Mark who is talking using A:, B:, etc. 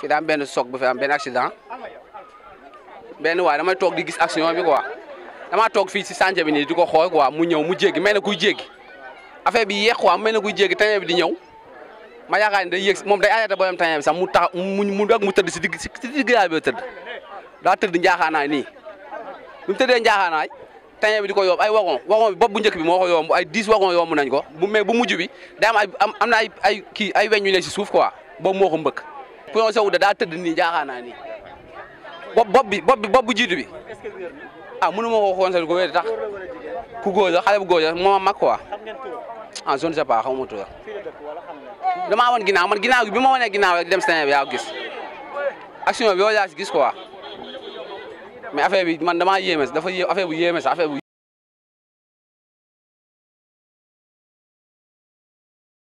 A: fi daa am benn choc bu fi am benn accident benn waay damay toog di gis action bi quoi damaa toog fii si sànja bi nii di ko xool quoi mu ñëw mu jéggi mel na kuy jéggi affaire bi yéex quoi mel ne kuy jéggi tane bi di ñëw ma yaakaar ne day yéeg moom day arrêté booyam tane bi sax mu tax mu mu ak mu tëdd si digg si digg yaay bi tëdd daa tëdd njaaxaanaay nii bi mu tëddee njaaxaanaay tane bi di ko yomb ay wagon wagon bi bopp bu njëkk bi moo ko yomb ay 10 wagon yomb nañ ko bu mais bu mujj bi day am ay am ay kii ay weñ yu ne si suuf quoi boobu moo mbëkk poisson sowu da daa tëdd nii jaaxaanaa nii bopp bopp bi bopp bi bopp bu jiitu bi ah mënu ma ko conseillé ko wér tax
B: ku góor la xale bu góor la moo mag quoi
A: ah je ne sais pas xaw ma turam damaa wan ginnaaw man ginnaaw bi ma wanee ginnaaw rek dem Sénégal yaa ko gis action bi yow yaa gis quoi mais affaire bi man damaa yéeme
B: dafa yé affaire bu yéeme sax